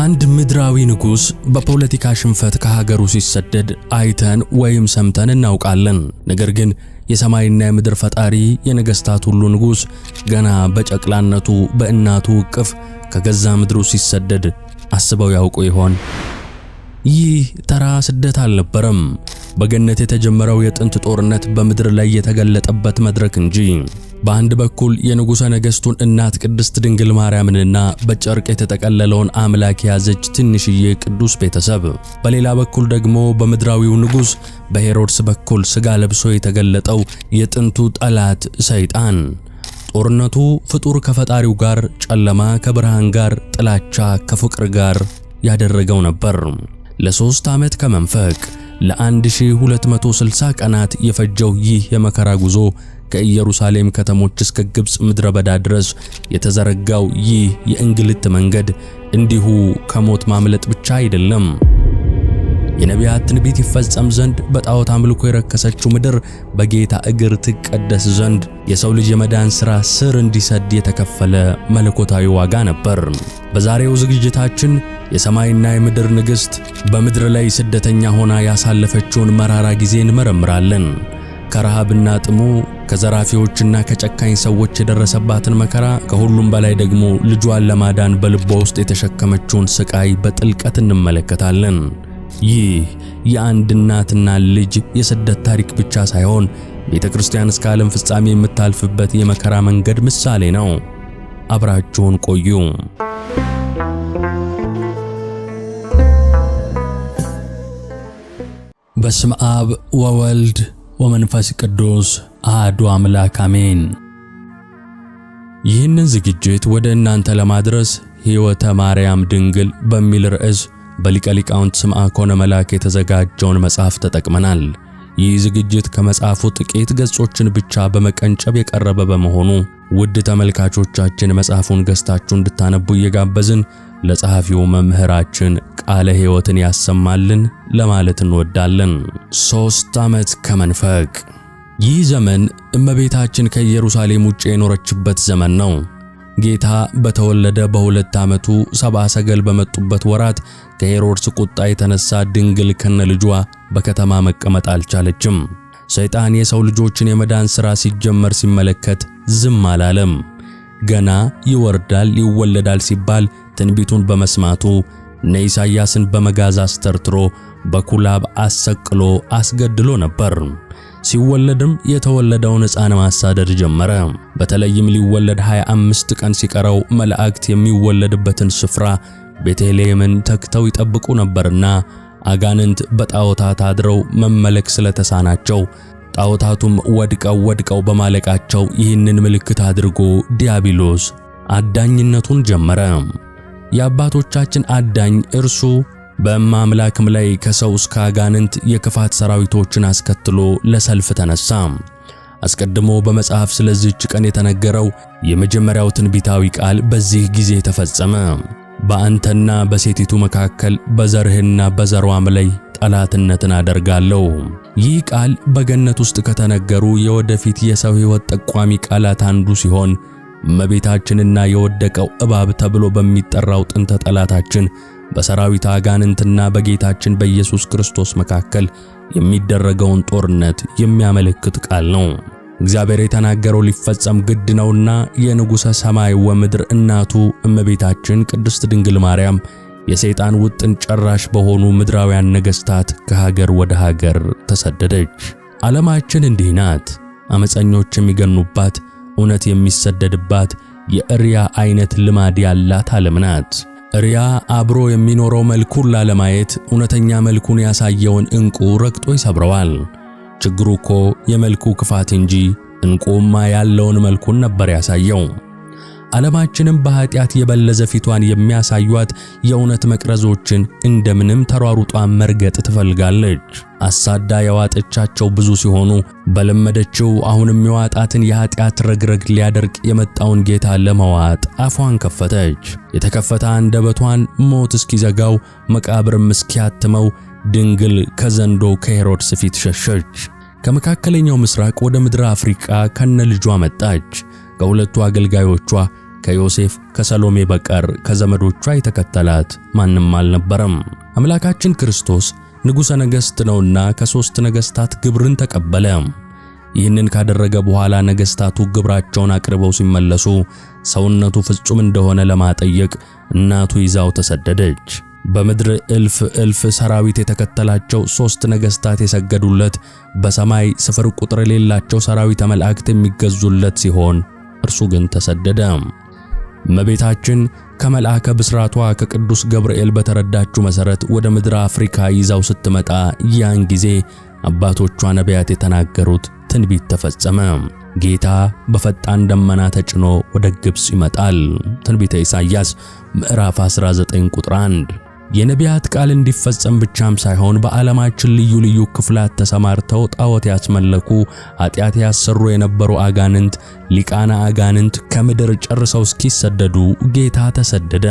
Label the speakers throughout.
Speaker 1: አንድ ምድራዊ ንጉስ በፖለቲካ ሽንፈት ከሀገሩ ሲሰደድ አይተን ወይም ሰምተን እናውቃለን። ነገር ግን የሰማይና የምድር ፈጣሪ የነገስታት ሁሉ ንጉስ ገና በጨቅላነቱ በእናቱ እቅፍ ከገዛ ምድሩ ሲሰደድ አስበው ያውቁ ይሆን? ይህ ተራ ስደት አልነበረም፤ በገነት የተጀመረው የጥንት ጦርነት በምድር ላይ የተገለጠበት መድረክ እንጂ። በአንድ በኩል የንጉሠ ነገሥቱን እናት ቅድስት ድንግል ማርያምንና በጨርቅ የተጠቀለለውን አምላክ የያዘች ትንሽዬ ቅዱስ ቤተሰብ፣ በሌላ በኩል ደግሞ በምድራዊው ንጉሥ በሄሮድስ በኩል ሥጋ ለብሶ የተገለጠው የጥንቱ ጠላት ሰይጣን። ጦርነቱ ፍጡር ከፈጣሪው ጋር፣ ጨለማ ከብርሃን ጋር፣ ጥላቻ ከፍቅር ጋር ያደረገው ነበር። ለሦስት ዓመት ከመንፈቅ ለ1260 ቀናት የፈጀው ይህ የመከራ ጉዞ ከኢየሩሳሌም ከተሞች እስከ ግብጽ ምድረ በዳ ድረስ የተዘረጋው ይህ የእንግልት መንገድ እንዲሁ ከሞት ማምለጥ ብቻ አይደለም። የነቢያት ትንቢት ይፈጸም ዘንድ በጣዖት አምልኮ የረከሰችው ምድር በጌታ እግር ትቀደስ ዘንድ የሰው ልጅ የመዳን ሥራ ስር እንዲሰድ የተከፈለ መለኮታዊ ዋጋ ነበር። በዛሬው ዝግጅታችን የሰማይና የምድር ንግሥት በምድር ላይ ስደተኛ ሆና ያሳለፈችውን መራራ ጊዜ እንመረምራለን። ከረሃብና ጥሙ ከዘራፊዎችና ከጨካኝ ሰዎች የደረሰባትን መከራ ከሁሉም በላይ ደግሞ ልጇን ለማዳን በልቧ ውስጥ የተሸከመችውን ስቃይ በጥልቀት እንመለከታለን። ይህ የአንድ እናትና ልጅ የስደት ታሪክ ብቻ ሳይሆን ቤተ ክርስቲያን እስከ ዓለም ፍጻሜ የምታልፍበት የመከራ መንገድ ምሳሌ ነው። አብራችሁን ቆዩ። በስም አብ ወወልድ ወመንፈስ ቅዱስ አሐዱ አምላክ አሜን። ይህንን ዝግጅት ወደ እናንተ ለማድረስ ሕይወተ ማርያም ድንግል በሚል ርዕስ በሊቀ ሊቃውንት ስምዐ ኮነ መላክ የተዘጋጀውን መጽሐፍ ተጠቅመናል። ይህ ዝግጅት ከመጽሐፉ ጥቂት ገጾችን ብቻ በመቀንጨብ የቀረበ በመሆኑ ውድ ተመልካቾቻችን መጽሐፉን ገዝታችሁ እንድታነቡ እየጋበዝን ለጸሐፊው መምህራችን ቃለ ሕይወትን ያሰማልን ለማለት እንወዳለን። ሦስት ዓመት ከመንፈቅ ይህ ዘመን እመቤታችን ከኢየሩሳሌም ውጭ የኖረችበት ዘመን ነው። ጌታ በተወለደ በሁለት ዓመቱ ሰብአ ሰገል በመጡበት ወራት ከሄሮድስ ቁጣ የተነሳ ድንግል ከነ ልጇ በከተማ መቀመጥ አልቻለችም። ሰይጣን የሰው ልጆችን የመዳን ሥራ ሲጀመር ሲመለከት ዝም አላለም። ገና ይወርዳል ይወለዳል ሲባል ትንቢቱን በመስማቱ እነ ኢሳይያስን በመጋዝ አስተርትሮ በኩላብ አሰቅሎ አስገድሎ ነበር። ሲወለድም የተወለደውን ሕፃን ማሳደድ ጀመረ። በተለይም ሊወለድ 25 ቀን ሲቀረው መላእክት የሚወለድበትን ስፍራ ቤተልሔምን ተክተው ይጠብቁ ነበርና አጋንንት በጣዖታት አድረው መመለክ ስለተሳናቸው ጣዖታቱም ወድቀው ወድቀው በማለቃቸው ይህንን ምልክት አድርጎ ዲያብሎስ አዳኝነቱን ጀመረ። የአባቶቻችን አዳኝ እርሱ በማምላክም ላይ ከሰው እስከ አጋንንት የክፋት ሰራዊቶችን አስከትሎ ለሰልፍ ተነሳ። አስቀድሞ በመጽሐፍ ስለዚህች ቀን የተነገረው የመጀመሪያው ትንቢታዊ ቃል በዚህ ጊዜ ተፈጸመ። በአንተና በሴቲቱ መካከል በዘርህና በዘሯም ላይ ጠላትነትን አደርጋለሁ። ይህ ቃል በገነት ውስጥ ከተነገሩ የወደፊት የሰው ሕይወት ጠቋሚ ቃላት አንዱ ሲሆን እመቤታችንና የወደቀው እባብ ተብሎ በሚጠራው ጥንተ ጠላታችን በሰራዊት አጋንንትና በጌታችን በኢየሱስ ክርስቶስ መካከል የሚደረገውን ጦርነት የሚያመለክት ቃል ነው። እግዚአብሔር የተናገረው ሊፈጸም ግድ ነውና የንጉሠ ሰማይ ወምድር እናቱ እመቤታችን ቅድስት ድንግል ማርያም የሰይጣን ውጥን ጨራሽ በሆኑ ምድራውያን ነገሥታት ከሀገር ወደ ሀገር ተሰደደች። ዓለማችን እንዲህ ናት። አመፀኞች የሚገኑባት፣ እውነት የሚሰደድባት፣ የእርያ አይነት ልማድ ያላት ዓለም ናት። ሪያ አብሮ የሚኖረው መልኩን ላለማየት እውነተኛ መልኩን ያሳየውን እንቁ ረግጦ ይሰብረዋል። ችግሩ እኮ የመልኩ ክፋት እንጂ እንቁማ ያለውን መልኩን ነበር ያሳየው። ዓለማችንም በኃጢአት የበለዘ ፊቷን የሚያሳዩት የእውነት መቅረዞችን እንደምንም ተሯሩጧን መርገጥ ትፈልጋለች። አሳዳ የዋጠቻቸው ብዙ ሲሆኑ በለመደችው አሁንም የዋጣትን የኃጢአት ረግረግ ሊያደርቅ የመጣውን ጌታ ለመዋጥ አፏን ከፈተች። የተከፈተ አንደበቷን ሞት እስኪዘጋው መቃብርም እስኪያትመው ድንግል ከዘንዶ ከሄሮድስ ፊት ሸሸች። ከመካከለኛው ምስራቅ ወደ ምድረ አፍሪቃ ከነ ልጇ መጣች። ከሁለቱ አገልጋዮቿ ከዮሴፍ ከሰሎሜ በቀር ከዘመዶቿ የተከተላት ማንም አልነበረም። አምላካችን ክርስቶስ ንጉሠ ነገሥት ነውና ከሦስት ነገሥታት ግብርን ተቀበለ። ይህንን ካደረገ በኋላ ነገሥታቱ ግብራቸውን አቅርበው ሲመለሱ ሰውነቱ ፍጹም እንደሆነ ለማጠየቅ እናቱ ይዛው ተሰደደች። በምድር እልፍ እልፍ ሰራዊት የተከተላቸው ሦስት ነገሥታት የሰገዱለት፣ በሰማይ ስፍር ቁጥር የሌላቸው ሰራዊተ መላእክት የሚገዙለት ሲሆን እርሱ ግን ተሰደደ። እመቤታችን ከመልአከ ብስራቷ ከቅዱስ ገብርኤል በተረዳችው መሠረት ወደ ምድር አፍሪካ ይዛው ስትመጣ ያን ጊዜ አባቶቿ ነቢያት የተናገሩት ትንቢት ተፈጸመ። ጌታ በፈጣን ደመና ተጭኖ ወደ ግብጽ ይመጣል። ትንቢተ ኢሳይያስ ምዕራፍ 19 ቁጥር 1 የነቢያት ቃል እንዲፈጸም ብቻም ሳይሆን በዓለማችን ልዩ ልዩ ክፍላት ተሰማርተው ጣዖት ያስመለኩ ኃጢአት ያሰሩ የነበሩ አጋንንት ሊቃና አጋንንት ከምድር ጨርሰው እስኪሰደዱ ጌታ ተሰደደ።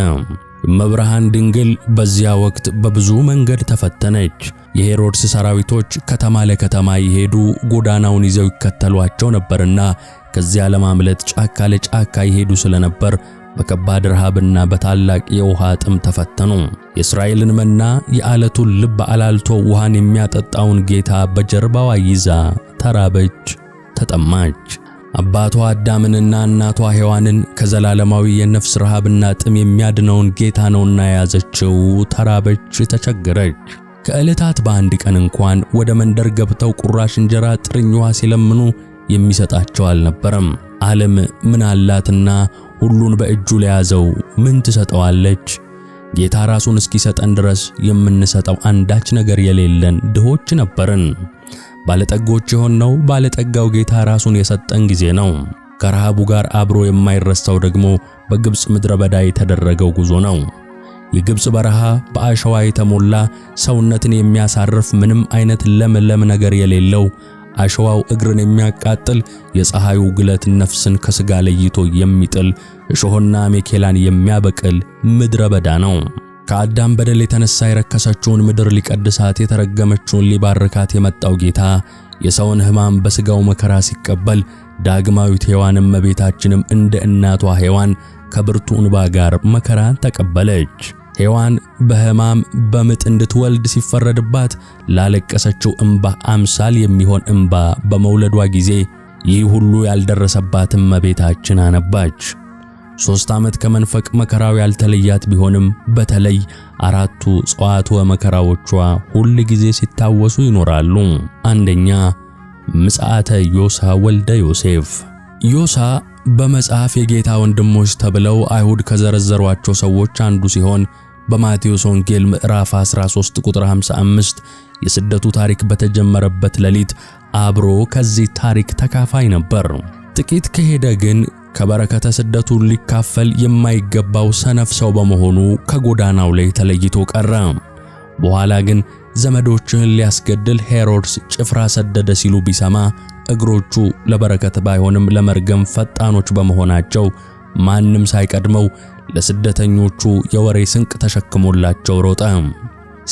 Speaker 1: እመብርሃን ድንግል በዚያ ወቅት በብዙ መንገድ ተፈተነች። የሄሮድስ ሰራዊቶች ከተማ ለከተማ ይሄዱ ጎዳናውን ይዘው ይከተሏቸው ነበርና ከዚያ ለማምለጥ ጫካ ለጫካ ይሄዱ ስለነበር በከባድ ረሃብና በታላቅ የውሃ ጥም ተፈተኑ። የእስራኤልን መና የዓለቱን ልብ አላልቶ ውሃን የሚያጠጣውን ጌታ በጀርባዋ ይዛ ተራበች፣ ተጠማች። አባቷ አዳምንና እናቷ ሔዋንን ከዘላለማዊ የነፍስ ረሃብና ጥም የሚያድነውን ጌታ ነውና የያዘችው ተራበች፣ ተቸገረች። ከዕለታት በአንድ ቀን እንኳን ወደ መንደር ገብተው ቁራሽ እንጀራ ጥርኝ ውሃ ሲለምኑ የሚሰጣቸው አልነበረም። ዓለም ምን አላትና ሁሉን በእጁ ለያዘው ምን ትሰጠዋለች? ጌታ ራሱን እስኪሰጠን ድረስ የምንሰጠው አንዳች ነገር የሌለን ድሆች ነበርን። ባለጠጎች የሆነው ባለጠጋው ጌታ ራሱን የሰጠን ጊዜ ነው። ከረሃቡ ጋር አብሮ የማይረሳው ደግሞ በግብፅ ምድረ በዳ የተደረገው ጉዞ ነው። የግብፅ በረሃ በአሸዋ የተሞላ ሰውነትን የሚያሳርፍ ምንም አይነት ለምለም ነገር የሌለው አሸዋው እግርን የሚያቃጥል የፀሐዩ ግለት ነፍስን ከስጋ ለይቶ የሚጥል እሾህና ሜኬላን የሚያበቅል ምድረ በዳ ነው። ከአዳም በደል የተነሳ የረከሰችውን ምድር ሊቀድሳት የተረገመችውን ሊባርካት የመጣው ጌታ የሰውን ሕማም በስጋው መከራ ሲቀበል ዳግማዊት ሔዋን እመቤታችንም እንደ እናቷ ሔዋን ከብርቱ እንባ ጋር መከራን ተቀበለች። ሔዋን በሕማም በምጥ እንድትወልድ ሲፈረድባት ላለቀሰችው እምባ አምሳል የሚሆን እምባ በመውለዷ ጊዜ ይህ ሁሉ ያልደረሰባት እመቤታችን አነባች። ሦስት ዓመት ከመንፈቅ መከራው ያልተለያት ቢሆንም በተለይ አራቱ ጽዋትወ መከራዎቿ ሁል ጊዜ ሲታወሱ ይኖራሉ። አንደኛ ምጽአተ ዮሳ ወልደ ዮሴፍ። ዮሳ በመጽሐፍ የጌታ ወንድሞች ተብለው አይሁድ ከዘረዘሯቸው ሰዎች አንዱ ሲሆን በማቴዎስ ወንጌል ምዕራፍ 13 ቁጥር 55 የስደቱ ታሪክ በተጀመረበት ሌሊት አብሮ ከዚህ ታሪክ ተካፋይ ነበር። ጥቂት ከሄደ ግን ከበረከተ ስደቱን ሊካፈል የማይገባው ሰነፍ ሰው በመሆኑ ከጎዳናው ላይ ተለይቶ ቀረ። በኋላ ግን ዘመዶችህን ሊያስገድል ሄሮድስ ጭፍራ ሰደደ ሲሉ ቢሰማ እግሮቹ ለበረከት ባይሆንም ለመርገም ፈጣኖች በመሆናቸው ማንም ሳይቀድመው ለስደተኞቹ የወሬ ስንቅ ተሸክሞላቸው ሮጠ።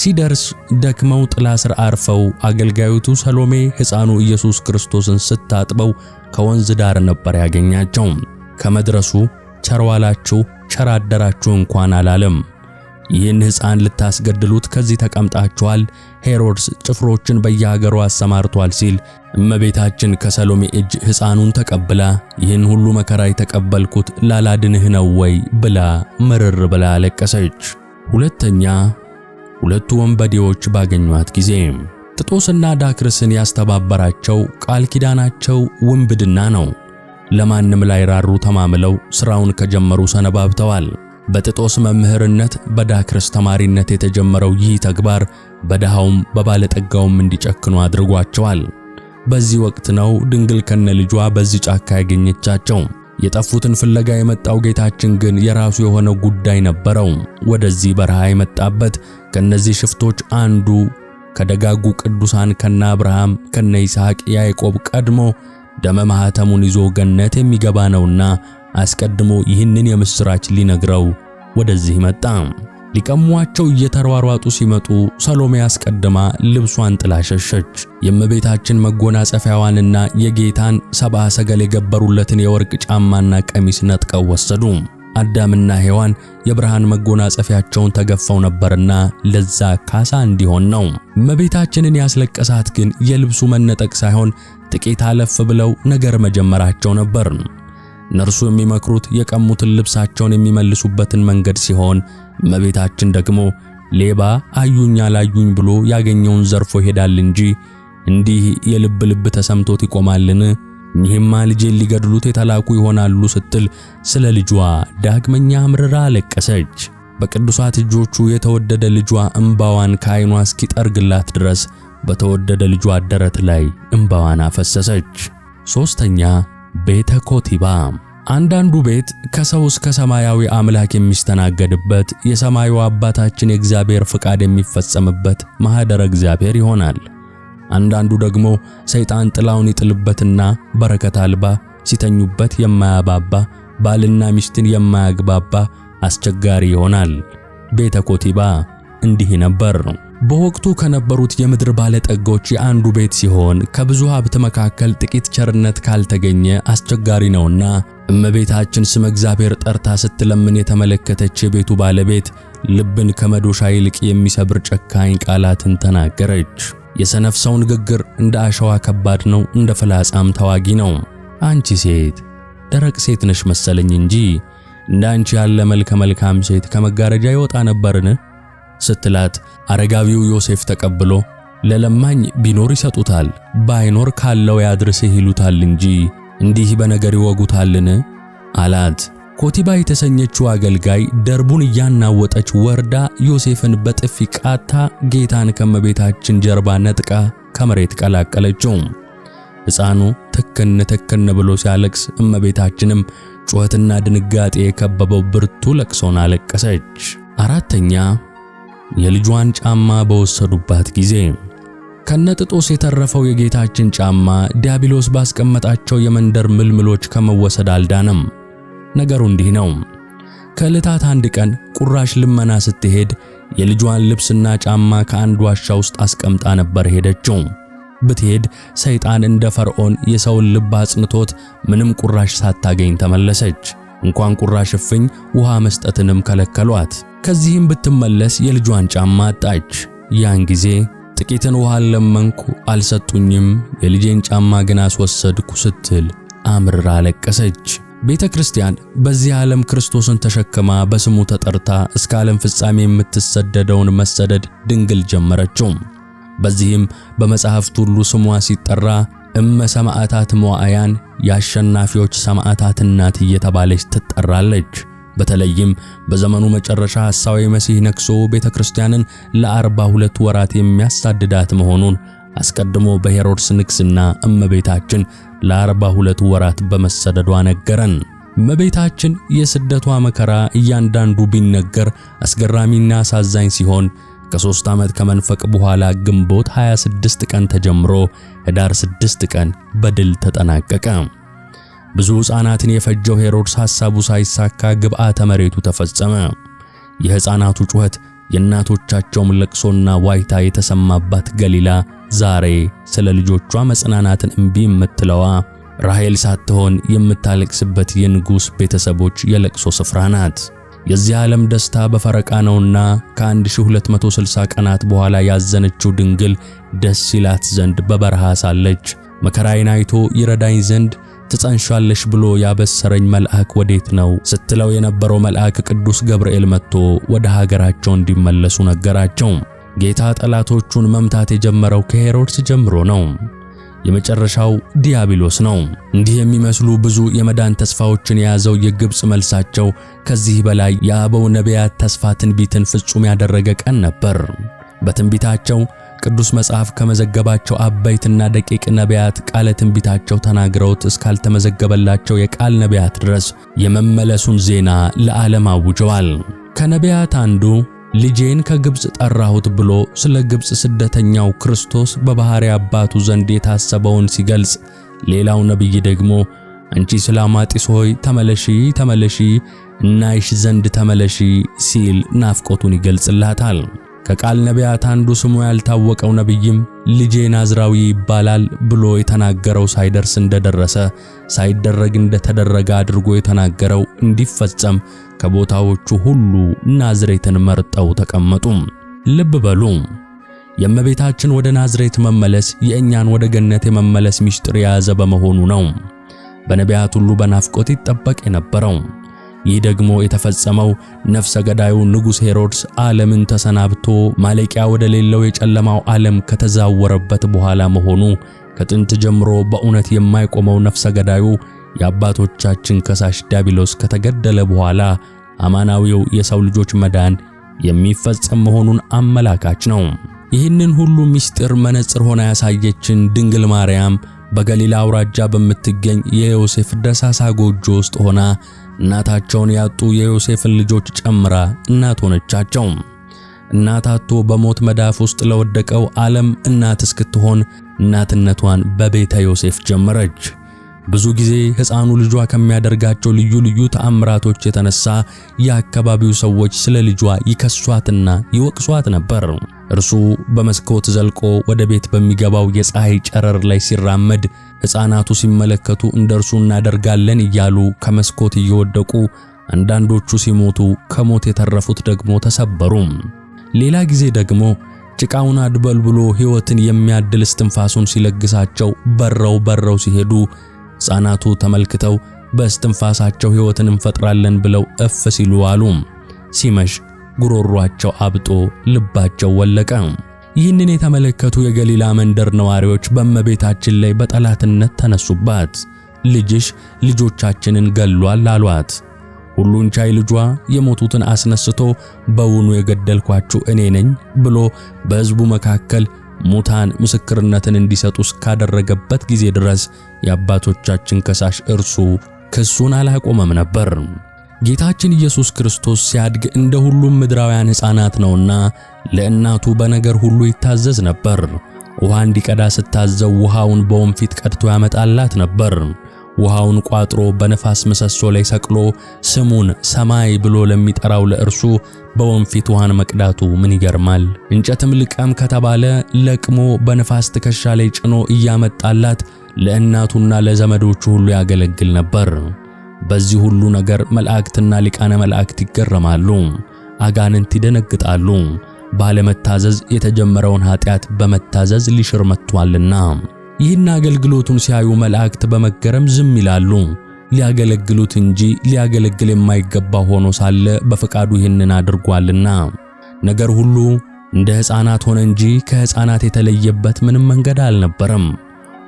Speaker 1: ሲደርስ ደክመው ጥላ ስር አርፈው አገልጋዮቱ ሰሎሜ ሕፃኑ ኢየሱስ ክርስቶስን ስታጥበው ከወንዝ ዳር ነበር ያገኛቸው። ከመድረሱ ቸር ዋላችሁ ቸር አደራችሁ እንኳን አላለም። ይህን ሕፃን ልታስገድሉት ከዚህ ተቀምጣችኋል፣ ሄሮድስ ጭፍሮችን በየሀገሩ አሰማርቷል ሲል እመቤታችን ከሰሎሜ እጅ ሕፃኑን ተቀብላ ይህን ሁሉ መከራ የተቀበልኩት ላላድንህ ነው ወይ ብላ ምርር ብላ አለቀሰች። ሁለተኛ ሁለቱ ወንበዴዎች ባገኟት ጊዜ ጥጦስና ዳክርስን ያስተባበራቸው ቃል ኪዳናቸው ውንብድና ነው። ለማንም ላይ ራሩ ተማምለው ሥራውን ከጀመሩ ሰነባብተዋል። በጥጦስ መምህርነት በዳክርስ ተማሪነት የተጀመረው ይህ ተግባር በድሃውም በባለጠጋውም እንዲጨክኑ አድርጓቸዋል። በዚህ ወቅት ነው ድንግል ከነ ልጇ በዚህ ጫካ ያገኘቻቸው። የጠፉትን ፍለጋ የመጣው ጌታችን ግን የራሱ የሆነ ጉዳይ ነበረው። ወደዚህ በረሃ የመጣበት ከነዚህ ሽፍቶች አንዱ ከደጋጉ ቅዱሳን ከነ አብርሃም፣ ከነ ይስሐቅ፣ ያዕቆብ ቀድሞ ደመ ማኅተሙን ይዞ ገነት የሚገባ ነውና አስቀድሞ ይህንን የምሥራች ሊነግረው ወደዚህ መጣ። ሊቀሟቸው እየተሯሯጡ ሲመጡ ሰሎሜ አስቀድማ ልብሷን ጥላ ሸሸች። የእመቤታችን መጎናጸፊያዋንና የጌታን ሰብአ ሰገል የገበሩለትን የወርቅ ጫማና ቀሚስ ነጥቀው ወሰዱ። አዳምና ሔዋን የብርሃን መጎናጸፊያቸውን ተገፈው ነበርና ለዛ ካሳ እንዲሆን ነው። እመቤታችንን ያስለቀሳት ግን የልብሱ መነጠቅ ሳይሆን ጥቂት አለፍ ብለው ነገር መጀመራቸው ነበር። እነርሱ የሚመክሩት የቀሙትን ልብሳቸውን የሚመልሱበትን መንገድ ሲሆን እመቤታችን ደግሞ ሌባ አዩኝ አላዩኝ ብሎ ያገኘውን ዘርፎ ይሄዳል እንጂ እንዲህ የልብ ልብ ተሰምቶት ይቆማልን? እኚህማ ልጄን ሊገድሉት የተላኩ ይሆናሉ ስትል ስለ ልጇ ዳግመኛ አምርራ አለቀሰች። በቅዱሳት እጆቹ የተወደደ ልጇ እምባዋን ከዓይኗ እስኪጠርግላት ድረስ በተወደደ ልጇ ደረት ላይ እምባዋን አፈሰሰች። ሦስተኛ ቤተ ኮቲባ አንዳንዱ ቤት ከሰው እስከ ሰማያዊ አምላክ የሚስተናገድበት የሰማዩ አባታችን የእግዚአብሔር ፍቃድ የሚፈጸምበት ማኅደረ እግዚአብሔር ይሆናል። አንዳንዱ ደግሞ ሰይጣን ጥላውን ይጥልበትና በረከት አልባ፣ ሲተኙበት የማያባባ፣ ባልና ሚስትን የማያግባባ አስቸጋሪ ይሆናል። ቤተ ኮቲባ እንዲህ ነበር። በወቅቱ ከነበሩት የምድር ባለጠጎች የአንዱ ቤት ሲሆን ከብዙ ሀብት መካከል ጥቂት ቸርነት ካልተገኘ አስቸጋሪ ነውና እመቤታችን ስመ እግዚአብሔር ጠርታ ስትለምን የተመለከተች የቤቱ ባለቤት ልብን ከመዶሻ ይልቅ የሚሰብር ጨካኝ ቃላትን ተናገረች። የሰነፍ ሰው ንግግር እንደ አሸዋ ከባድ ነው፣ እንደ ፍላጻም ተዋጊ ነው። አንቺ ሴት ደረቅ ሴት ነሽ መሰለኝ እንጂ እንዳንቺ ያለ መልከ መልካም ሴት ከመጋረጃ ይወጣ ነበርን? ስትላት አረጋዊው ዮሴፍ ተቀብሎ ለለማኝ ቢኖር ይሰጡታል፣ ባይኖር ካለው ያድርስህ ይሉታል እንጂ እንዲህ በነገር ይወጉታልን? አላት። ኮቲባ የተሰኘችው አገልጋይ ደርቡን እያናወጠች ወርዳ ዮሴፍን በጥፊ ቃታ ጌታን ከመቤታችን ጀርባ ነጥቃ ከመሬት ቀላቀለችው። ሕፃኑ ትክን ትክን ብሎ ሲያለቅስ፣ እመቤታችንም ጩኸትና ድንጋጤ የከበበው ብርቱ ለቅሶን አለቀሰች። አራተኛ የልጇን ጫማ በወሰዱባት ጊዜ ከነጥጦስ የተረፈው የጌታችን ጫማ ዲያብሎስ ባስቀመጣቸው የመንደር ምልምሎች ከመወሰድ አልዳነም። ነገሩ እንዲህ ነው። ከዕለታት አንድ ቀን ቁራሽ ልመና ስትሄድ የልጇን ልብስና ጫማ ከአንድ ዋሻ ውስጥ አስቀምጣ ነበር ሄደችው። ብትሄድ ሰይጣን እንደ ፈርዖን የሰውን ልብ አጽንቶት ምንም ቁራሽ ሳታገኝ ተመለሰች። እንኳን ቁራሽ እፍኝ ውሃ መስጠትንም ከለከሏት። ከዚህም ብትመለስ የልጇን ጫማ አጣች። ያን ጊዜ ጥቂትን ውሃ ለመንኩ፣ አልሰጡኝም፣ የልጄን ጫማ ግን አስወሰድኩ ስትል አምርራ አለቀሰች። ቤተ ክርስቲያን በዚህ ዓለም ክርስቶስን ተሸክማ በስሙ ተጠርታ እስከ ዓለም ፍጻሜ የምትሰደደውን መሰደድ ድንግል ጀመረችው። በዚህም በመጻሕፍት ሁሉ ስሟ ሲጠራ እመ ሰማዕታት መዋዕያን የአሸናፊዎች ሰማዕታት እናት እየተባለች ትጠራለች። በተለይም በዘመኑ መጨረሻ ሐሳዊ መሲህ ነክሶ ቤተክርስቲያንን ለአርባ ሁለት ወራት የሚያሳድዳት መሆኑን አስቀድሞ በሄሮድስ ንግሥና እመቤታችን ለአርባ ሁለት ወራት በመሰደዷ ነገረን። እመቤታችን የስደቷ መከራ እያንዳንዱ ቢነገር አስገራሚና አሳዛኝ ሲሆን ከሦስት ዓመት ከመንፈቅ በኋላ ግንቦት 26 ቀን ተጀምሮ ኅዳር 6 ቀን በድል ተጠናቀቀ። ብዙ ሕፃናትን የፈጀው ሄሮድስ ሐሳቡ ሳይሳካ ግብዓተ መሬቱ ተፈጸመ። የሕፃናቱ ጩኸት፣ የእናቶቻቸውም ለቅሶና ዋይታ የተሰማባት ገሊላ ዛሬ ስለ ልጆቿ መጽናናትን እምቢ የምትለዋ ራሔል ሳትሆን የምታለቅስበት የንጉሥ ቤተሰቦች የለቅሶ ስፍራ ናት። የዚህ ዓለም ደስታ በፈረቃ ነውና ከ1260 ቀናት በኋላ ያዘነችው ድንግል ደስ ይላት ዘንድ በበረሃ ሳለች መከራዬን አይቶ ይረዳኝ ዘንድ ትጸንሻለሽ ብሎ ያበሰረኝ መልአክ ወዴት ነው ስትለው የነበረው መልአክ ቅዱስ ገብርኤል መጥቶ ወደ ሀገራቸው እንዲመለሱ ነገራቸው። ጌታ ጠላቶቹን መምታት የጀመረው ከሄሮድስ ጀምሮ ነው። የመጨረሻው ዲያብሎስ ነው። እንዲህ የሚመስሉ ብዙ የመዳን ተስፋዎችን የያዘው የግብፅ መልሳቸው ከዚህ በላይ የአበው ነቢያት ተስፋ ትንቢትን ፍጹም ያደረገ ቀን ነበር። በትንቢታቸው ቅዱስ መጽሐፍ ከመዘገባቸው አበይትና ደቂቅ ነቢያት ቃለ ትንቢታቸው ተናግረውት እስካልተመዘገበላቸው የቃል ነቢያት ድረስ የመመለሱን ዜና ለዓለም አውጀዋል። ከነቢያት አንዱ ልጄን ከግብጽ ጠራሁት ብሎ ስለ ግብጽ ስደተኛው ክርስቶስ በባሕሪ አባቱ ዘንድ የታሰበውን ሲገልጽ፣ ሌላው ነቢይ ደግሞ አንቺ ስላማጢስ ሆይ ተመለሺ ተመለሺ እናይሽ ዘንድ ተመለሺ ሲል ናፍቆቱን ይገልጽላታል። ከቃል ነቢያት አንዱ ስሙ ያልታወቀው ነቢይም ልጄ ናዝራዊ ይባላል ብሎ የተናገረው ሳይደርስ እንደደረሰ ሳይደረግ እንደተደረገ አድርጎ የተናገረው እንዲፈጸም ከቦታዎቹ ሁሉ ናዝሬትን መርጠው ተቀመጡ። ልብ በሉ። የእመቤታችን ወደ ናዝሬት መመለስ የእኛን ወደ ገነት የመመለስ ምስጢር የያዘ በመሆኑ ነው በነቢያት ሁሉ በናፍቆት ይጠበቅ የነበረው። ይህ ደግሞ የተፈጸመው ነፍሰ ገዳዩ ንጉሥ ሄሮድስ ዓለምን ተሰናብቶ ማለቂያ ወደሌለው የጨለማው ዓለም ከተዛወረበት በኋላ መሆኑ ከጥንት ጀምሮ በእውነት የማይቆመው ነፍሰ ገዳዩ የአባቶቻችን ከሳሽ ዲያብሎስ ከተገደለ በኋላ አማናዊው የሰው ልጆች መዳን የሚፈጸም መሆኑን አመላካች ነው። ይህንን ሁሉ ምስጢር መነጽር ሆና ያሳየችን ድንግል ማርያም በገሊላ አውራጃ በምትገኝ የዮሴፍ ደሳሳ ጎጆ ውስጥ ሆና እናታቸውን ያጡ የዮሴፍን ልጆች ጨምራ እናት ሆነቻቸው። እናት በሞት መዳፍ ውስጥ ለወደቀው ዓለም እናት እስክትሆን እናትነቷን በቤተ ዮሴፍ ጀመረች። ብዙ ጊዜ ሕፃኑ ልጇ ከሚያደርጋቸው ልዩ ልዩ ተአምራቶች የተነሳ የአካባቢው ሰዎች ስለ ልጇ ይከሷትና ይወቅሷት ነበር። እርሱ በመስኮት ዘልቆ ወደ ቤት በሚገባው የፀሐይ ጨረር ላይ ሲራመድ ሕፃናቱ ሲመለከቱ እንደ እርሱ እናደርጋለን እያሉ ከመስኮት እየወደቁ አንዳንዶቹ ሲሞቱ፣ ከሞት የተረፉት ደግሞ ተሰበሩ። ሌላ ጊዜ ደግሞ ጭቃውን አድበልብሎ ሕይወትን የሚያድል እስትንፋሱን ሲለግሳቸው በረው በረው ሲሄዱ ሕፃናቱ ተመልክተው በስትንፋሳቸው ሕይወትን እንፈጥራለን ብለው እፍ ሲሉ አሉ። ሲመሽ ጉሮሯቸው አብጦ ልባቸው ወለቀ። ይህንን የተመለከቱ የገሊላ መንደር ነዋሪዎች በእመቤታችን ላይ በጠላትነት ተነሱባት። ልጅሽ ልጆቻችንን ገሏል አሏት። ሁሉን ቻይ ልጇ የሞቱትን አስነስቶ በውኑ የገደልኳችሁ እኔ ነኝ ብሎ በሕዝቡ መካከል ሙታን ምስክርነትን እንዲሰጡ እስካደረገበት ጊዜ ድረስ የአባቶቻችን ከሳሽ እርሱ ክሱን አላቆመም ነበር። ጌታችን ኢየሱስ ክርስቶስ ሲያድግ እንደ ሁሉም ምድራውያን ሕፃናት ነውና ለእናቱ በነገር ሁሉ ይታዘዝ ነበር። ውሃ እንዲቀዳ ስታዘው ውሃውን በወንፊት ቀድቶ ያመጣላት ነበር። ውሃውን ቋጥሮ በነፋስ ምሰሶ ላይ ሰቅሎ ስሙን ሰማይ ብሎ ለሚጠራው ለእርሱ በወንፊት ውሃን መቅዳቱ ምን ይገርማል? እንጨትም ልቀም ከተባለ ለቅሞ በነፋስ ትከሻ ላይ ጭኖ እያመጣላት ለእናቱና ለዘመዶቹ ሁሉ ያገለግል ነበር። በዚህ ሁሉ ነገር መላእክትና ሊቃነ መላእክት ይገረማሉ፣ አጋንንት ይደነግጣሉ። ባለመታዘዝ የተጀመረውን ኃጢአት በመታዘዝ ሊሽር መጥቷልና። ይህን አገልግሎቱን ሲያዩ መላእክት በመገረም ዝም ይላሉ። ሊያገለግሉት እንጂ ሊያገለግል የማይገባ ሆኖ ሳለ በፈቃዱ ይህንን አድርጓልና። ነገር ሁሉ እንደ ሕፃናት ሆነ እንጂ ከሕፃናት የተለየበት ምንም መንገድ አልነበረም።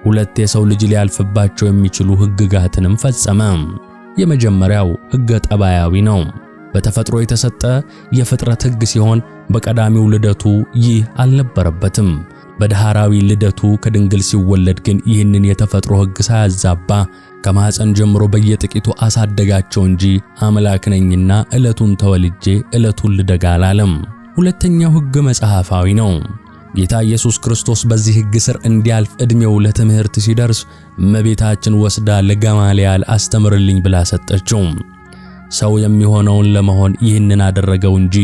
Speaker 1: ሁለት የሰው ልጅ ሊያልፍባቸው የሚችሉ ሕግጋትንም ፈጸመ። የመጀመሪያው ሕገ ጠባያዊ ነው። በተፈጥሮ የተሰጠ የፍጥረት ሕግ ሲሆን በቀዳሚው ልደቱ ይህ አልነበረበትም። በዳህራዊ ልደቱ ከድንግል ሲወለድ ግን ይህንን የተፈጥሮ ሕግ ሳያዛባ ከማኅፀን ጀምሮ በየጥቂቱ አሳደጋቸው እንጂ አምላክ ነኝና ዕለቱን ተወልጄ ዕለቱን ልደጋ አላለም። ሁለተኛው ሕግ መጽሐፋዊ ነው። ጌታ ኢየሱስ ክርስቶስ በዚህ ሕግ ስር እንዲያልፍ ዕድሜው ለትምህርት ሲደርስ እመቤታችን ወስዳ ለገማልያል አስተምርልኝ ብላ ሰጠችው። ሰው የሚሆነውን ለመሆን ይህንን አደረገው እንጂ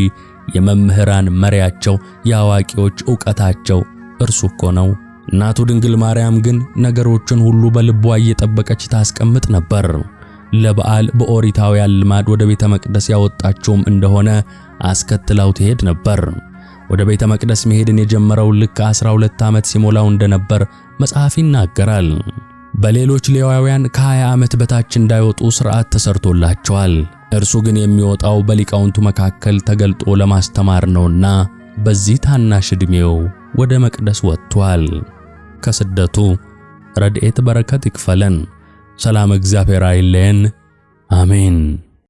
Speaker 1: የመምህራን መሪያቸው፣ የአዋቂዎች ዕውቀታቸው እርሱ እኮ ነው። እናቱ ድንግል ማርያም ግን ነገሮችን ሁሉ በልቧ እየጠበቀች ታስቀምጥ ነበር። ለበዓል በኦሪታውያን ልማድ ወደ ቤተ መቅደስ ያወጣቸውም እንደሆነ አስከትላው ትሄድ ነበር። ወደ ቤተ መቅደስ መሄድን የጀመረው ልክ 12 ዓመት ሲሞላው እንደነበር መጽሐፍ ይናገራል። በሌሎች ሌዋውያን ከ20 ዓመት በታች እንዳይወጡ ሥርዓት ተሰርቶላቸዋል። እርሱ ግን የሚወጣው በሊቃውንቱ መካከል ተገልጦ ለማስተማር ነውና በዚህ ታናሽ ዕድሜው ወደ መቅደስ ወጥቷል። ከስደቱ ረድኤት በረከት ይክፈለን። ሰላም እግዚአብሔር አይለየን። አሜን።